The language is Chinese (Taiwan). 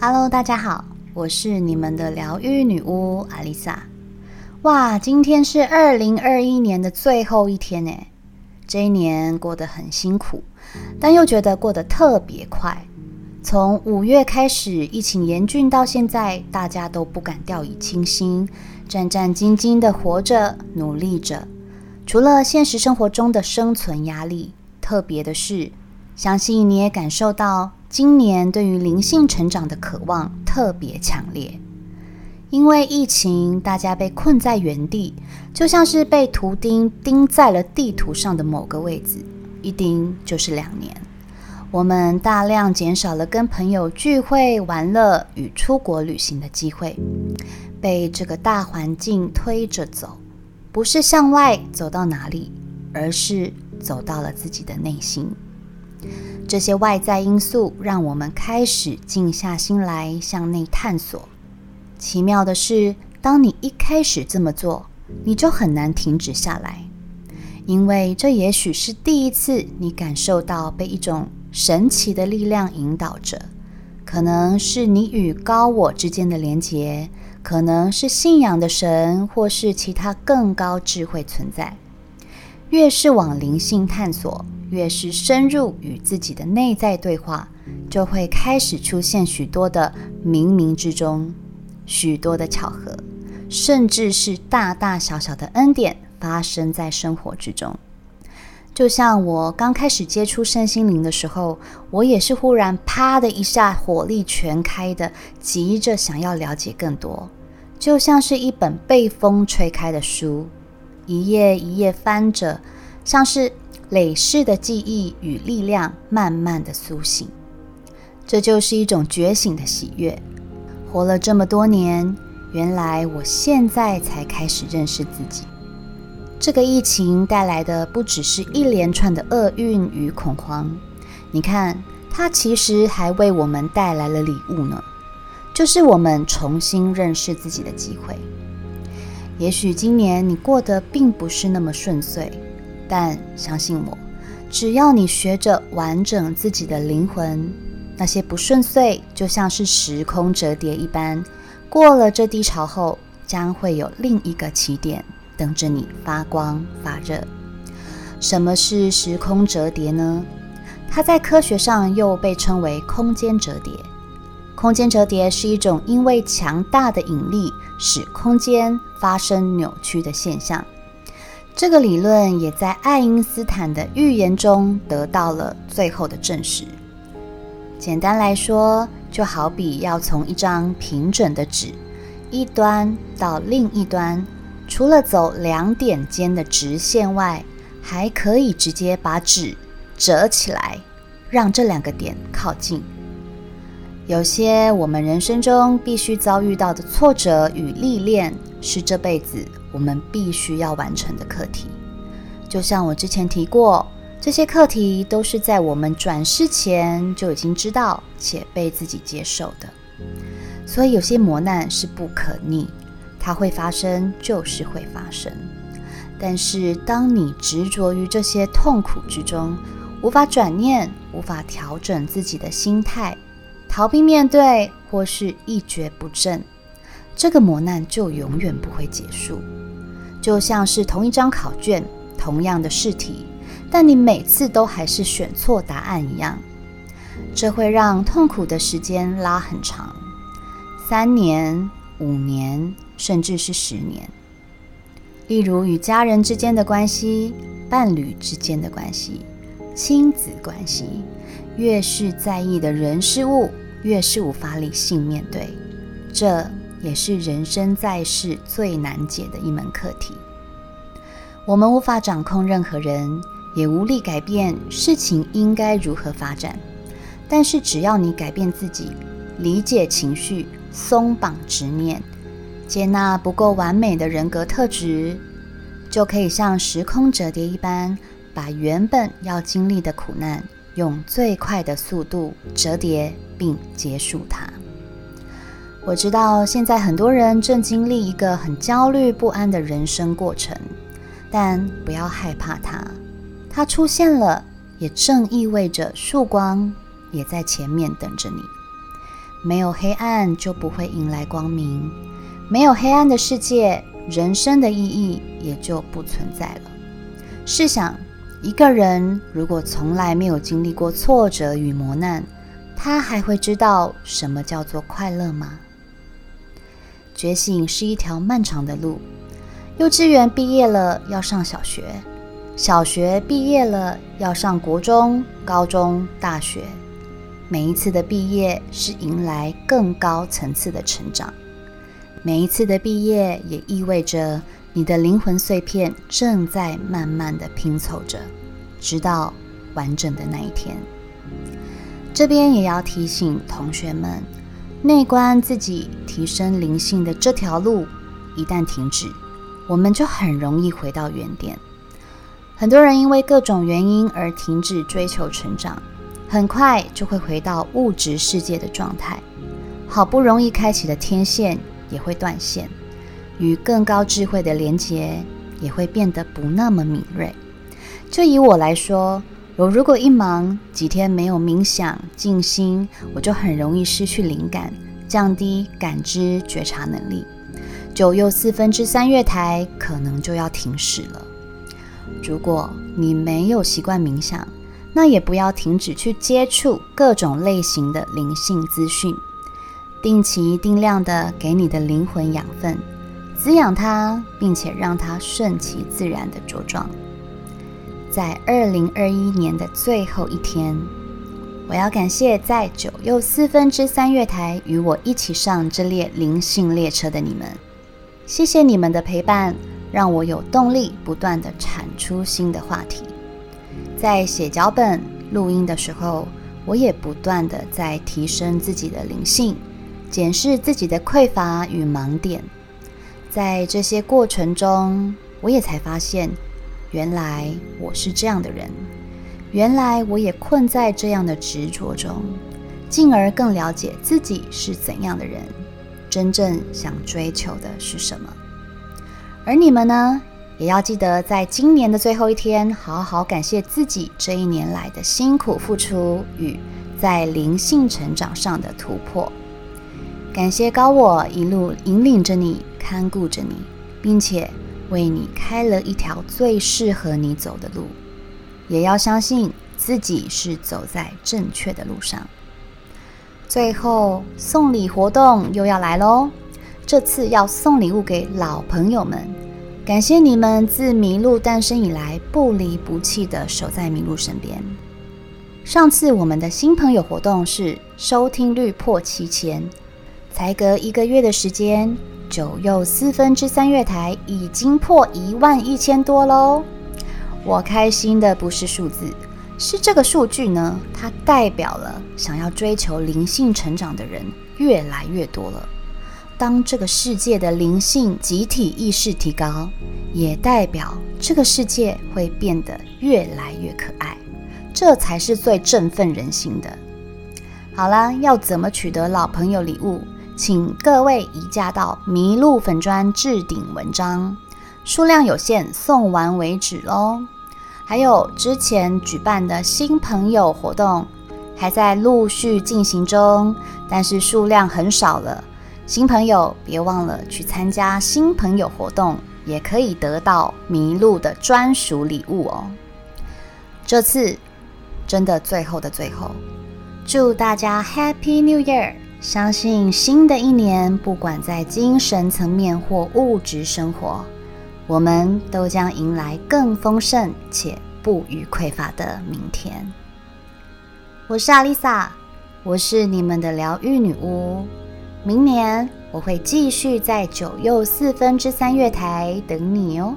哈嘍，大家好，我是你們的療癒女巫阿麗莎。哇，今天是二零二一年的最後一天呢，這一年過得很辛苦，但又覺得過得特別快。從五月開始，疫情嚴峻到現在，大家都不敢掉以輕心，戰戰兢兢地活着，努力着。除了現實生活中的生存壓力，特別的是，相信你也感受到。今年對於靈性成長的渴望特別強烈，因為疫情，大家被困在原地，就像是被圖釘釘在了地圖上的某個位置，一釘就是兩年。我們大量減少了跟朋友聚會、玩樂與出國旅行的機會，被這個大環境推着走，不是向外走到哪裡，而是走到了自己的內心。這些外在因素讓我們開始靜下心來向內探索。奇妙的是，當你一開始這麼做，你就很難停止下來，因為這也許是第一次你感受到被一種神奇的力量引導着，可能是你與高我之間的連結，可能是信仰的神，或是其他更高智慧存在。越是往靈性探索。越是深入與自己的內在對話，就會開始出現許多的冥冥之中，許多的巧合，甚至是大大小小的恩典發生在生活之中。就像我剛開始接觸身心靈的時候，我也是忽然啪的一下火力全開的，急着想要了解更多，就像是一本被風吹開的書，一頁一頁翻着，像是。累世的記憶與力量慢慢的甦醒，這就是一種覺醒的喜悅。活了這麼多年，原來我現在才開始認識自己。這個疫情帶來的不只是一連串的厄運與恐慌，你看，它其實還為我們帶來了禮物呢，就是我們重新認識自己的機會。也許今年你過得並不是那麼順遂。但相信我，只要你學着完整自己的靈魂，那些不順遂就像是時空折疊一般，過了這低潮後，將會有另一個起點等着你發光發熱。什麼是時空折疊呢？它在科學上又被稱為空間折疊。空間折疊是一種因為強大的引力使空間發生扭曲的現象。這個理論也在愛因斯坦的預言中得到了最後的證實。簡單來說，就好比要從一張平整的紙一端到另一端，除了走兩點間的直線外，還可以直接把紙折起來，讓這兩個點靠近。有些我們人生中必須遭遇到的挫折與歷練，是這輩子，我們必須要完成的課題，就像我之前提過，這些課題都是在我們轉世前就已經知道且被自己接受的。所以有些磨難是不可逆，它會發生就是會發生。但是當你執着於這些痛苦之中，無法轉念，無法調整自己的心態，逃避面對，或是一蹶不振，這個磨難就永遠不會結束。就像是同一張考卷，同樣的試題，但你每次都還是選錯答案一樣。這會讓痛苦的時間拉很長，三年、五年，甚至是十年。例如與家人之間的關係、伴侶之間的關係、親子關係，越是在意的人事物，越是無法理性面對。這。也是人生在世最難解的一門課題。我們無法掌控任何人，也無力改變事情應該如何發展。但是只要你改變自己，理解情緒，鬆綁執念，接納不夠完美的人格特質，就可以像時空折疊一般，把原本要經歷的苦難，用最快的速度折疊並結束它。我知道現在很多人正經歷一個很焦慮不安的人生過程，但不要害怕它。它出現了，也正意味着曙光也在前面等着你。沒有黑暗，就不會迎來光明；沒有黑暗的世界，人生的意義也就不存在了。試想，一個人如果從來沒有經歷過挫折與磨難，他還會知道什麼叫做快樂嗎？覺醒是一條漫長的路。幼稚園畢業了，要上小學；小學畢業了，要上國中、高中、大學。每一次的畢業是迎來更高層次的成長，每一次的畢業也意味着你的靈魂碎片正在慢慢的拼湊着，直到完整的那一天。這邊也要提醒同學們，內觀自己、提升靈性的這條路一旦停止，我們就很容易回到原點。很多人因為各種原因而停止追求成長，很快就會回到物質世界的狀態。好不容易開啟的天線也會斷線，與更高智慧的連結也會變得不那麼敏銳。就以我來說。我如果一忙幾天沒有冥想靜心，我就很容易失去靈感，降低感知覺察能力。九又四分之三月台可能就要停止了。如果你沒有習慣冥想，那也不要停止去接觸各種類型的靈性資訊，定期定量的給你的靈魂養分，滋養它，並且讓它順其自然的茁壯。在二零二一年的最後一天，我要感謝在九又四分之三月台與我一起上這列靈性列車的你們。謝謝你們的陪伴，讓我有動力不斷的產出新的話題。在寫腳本、錄音的時候，我也不斷的在提升自己的靈性，檢視自己的匱乏與盲點。在這些過程中，我也才發現。原來我是這樣的人，原來我也困在這樣的執着中，進而更了解自己是怎樣的人，真正想追求的是什麼。而你們呢，也要記得在今年的最後一天，好好感謝自己這一年來的辛苦付出與在靈性成長上的突破，感謝高我一路引領着你，看顧着你，並且。為你開了一條最適合你走的路，也要相信自己是走在正確的路上。最後送禮活動又要來嘍，這次要送禮物給老朋友們，感謝你們自麋鹿誕生以來不離不棄的守在麋鹿身邊。上次我們的新朋友活動是收聽率破七千，才隔一個月的時間。九又四分之三月台已經破一萬一千多嘍！我開心的不是數字，是這個數據呢，它代表了想要追求靈性成長的人越來越多了。當這個世界的靈性集體意識提高，也代表這個世界會變得越來越可愛。這才是最振奮人心的。好啦，要怎麼取得老朋友禮物？請各位移駕到麋鹿粉專置頂文章，數量有限，送完為止哦，還有之前舉辦的新朋友活動，還在陸續進行中，但是數量很少了。新朋友別忘了去參加新朋友活動，也可以得到麋鹿的專屬禮物哦。這次真的最後的最後，祝大家 Happy New Year！相信新的一年，不管在精神層面或物質生活，我們都將迎來更豐盛且不虞匱乏的明天。我是阿麗薩，我是你們的療癒女巫。明年我會繼續在九又四分之三月台等你哦。